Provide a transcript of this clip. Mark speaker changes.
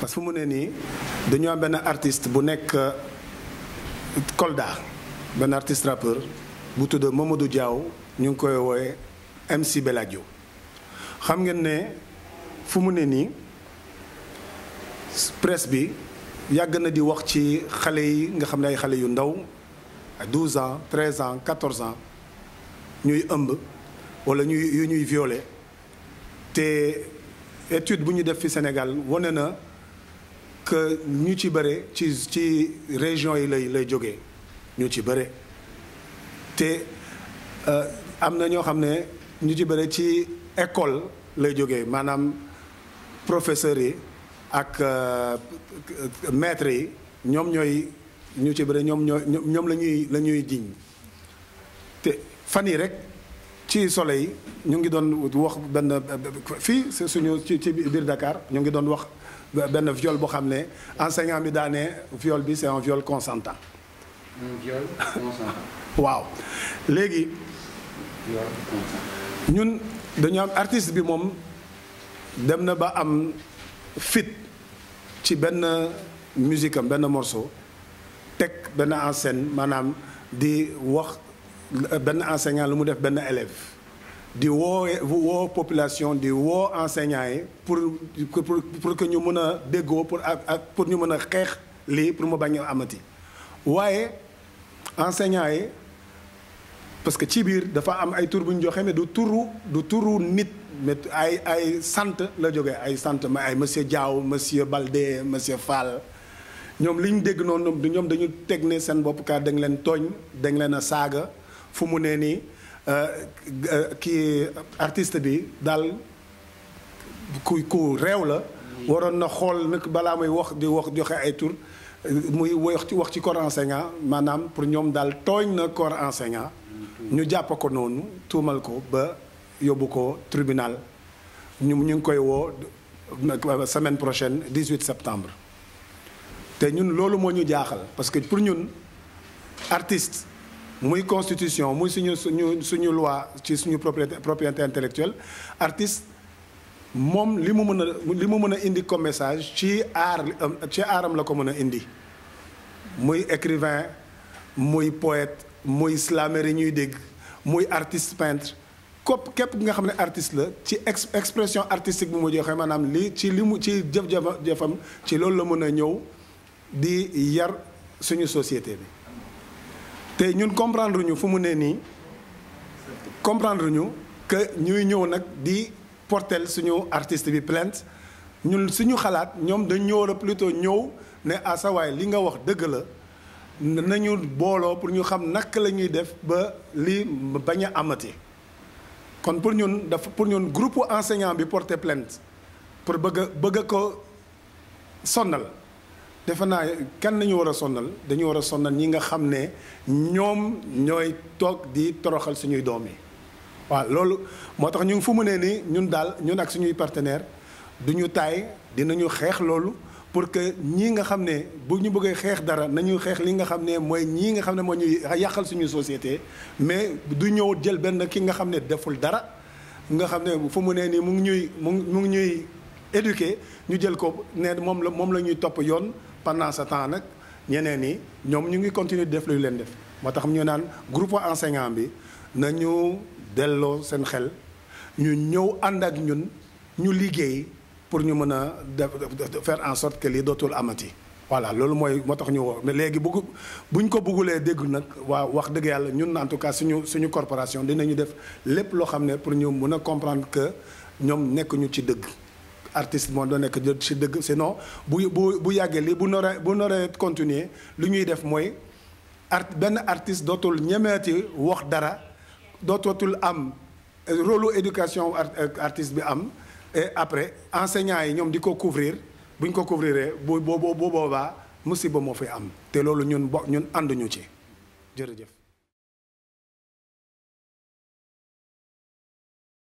Speaker 1: parce que nous avons un artiste qui est euh, Kolda artiste rappeur qui tudd Mamadou Diaw ñu MC Beladio xam ngeen ne presse di wax ci 12 ans 13 ans 14 ans ñuy ëmb wala ñuy ñuy violé te étude bu ñu def Sénégal que ñu ci bëree ci ci région yi lay lay jógee ñu ci bëre te euh, am na ñoo xam ne ñu ci bëre ci école lay jógee maanaam professeurs yi ak euh, maîtres yi ñoom ñooy ñu ci bëre ñoom ñooy la ñuy la ñuy jiñ te fan yi rek ci soleil, ñu ngi doon wax benn fii c'est suñu ci ci biir Dakar ñu ngi doon wax benn viol boo xam ne enseignant bi daane viol bi c'est un viol consentant. un viol consentant. waaw léegi. ñun dañu am artiste bi moom dem na ba am fit ci benn musique am benn morceau teg benn en scène maanaam di wax ben enseignant lu def élève di wo population di wo enseignant pour pour pour que ñu mëna déggo pour pour ñu mëna xex li pour mo amati enseignant parce que ci bir dafa am ay tour buñ joxé mais du du nit mais ay ay la ay monsieur Diaw monsieur Baldé monsieur Fall ñom liñ dégg non ñom dañu tégné sen bop ka leen leen Fumuneni qui qui euh, euh, artiste bi dal ku la. na wax di wax ay euh, muy wax ci wax ci corps enseignant manam pour ñom dal na corps enseignant. ñu japp ko ba tribunal nous ñu koy semaine prochaine 18 septembre. té ñun lolu mo parce que pour nous, artiste muy constitution muy suñu suñu suñu loi ci suñu propriété propriété intellectuelle artiste mom limu mu limu a indi comme message ci art ci aram la ko mën indi muy écrivain muy poète muy slameur yi ñuy dégg muy artiste peintre kopp képp nga xamné artiste la ci expression artistique bu mu joxe manam li ci limu ci jëf-jëfam ci loolu la mën ñëw di yar suñu société bi te ñun comprendre ñu fu mu ne nii comprendre ñu que ñuy ñëw nag di portel suñu artiste bi plainte ñun suñu xalaat ñoom dañ ñëw plutôt ñëw ne à ah, sawaay li nga wax dëgg la nañu booloo pour ñu xam naka lañuy def ba li bañ a amati kon pour ñun dafa pour ñun groupe enseignant bi porté plainte pour bëgg bëgg a ko sonnal defe naa kan nañu war a sonnal dañu war a sonnal ñi nga xam ne ñoom ñooy toog di toroxal suñuy doom yi waaw loolu moo tax ñu ngi fu mu nee nii ñun daal ñun ak suñuy partenaire du ñu taay dinañu xeex loolu pour que ñii nga xam ne bu ñu bëggee xeex dara nañu xeex li nga xam ne mooy ñii nga xam ne moo ñuy yàqal suñu société mais du ñëw jël benn ki nga xam ne deful dara nga xam ne fu nee nii mu ngi ñuy mu ngi ñuy éduqué ñu jël ko ne moom la moom la ñuy topp yoon pendant ce temps nag ñeneen yi ñoom ñu ngi continuer def lu leen def moo tax ñu naan groupe enseignant bi na ñu delloo seen xel ñu ñëw ànd ak ñun ñu liggéey pour ñu mën a def faire en sorte que lii dootul amati. voilà loolu mooy moo tax ñu woo mais léegi bëgg buñ ko buggulee dégg nag waaw wax dëgg yàlla ñun en tout cas suñu suñu corporation dinañu def lépp loo xam ne pour ñu mën a comprendre que ñoom nekkuñu ci dëgg. artiste moi, do nek jot ci sinon bu bu bu li bu continuer lu ñuy def moy art artiste wax dara am rôle éducation artiste bi am et après enseignant yi couvrir buñ ko bo bo bo musiba fi am té lolu ñun ñun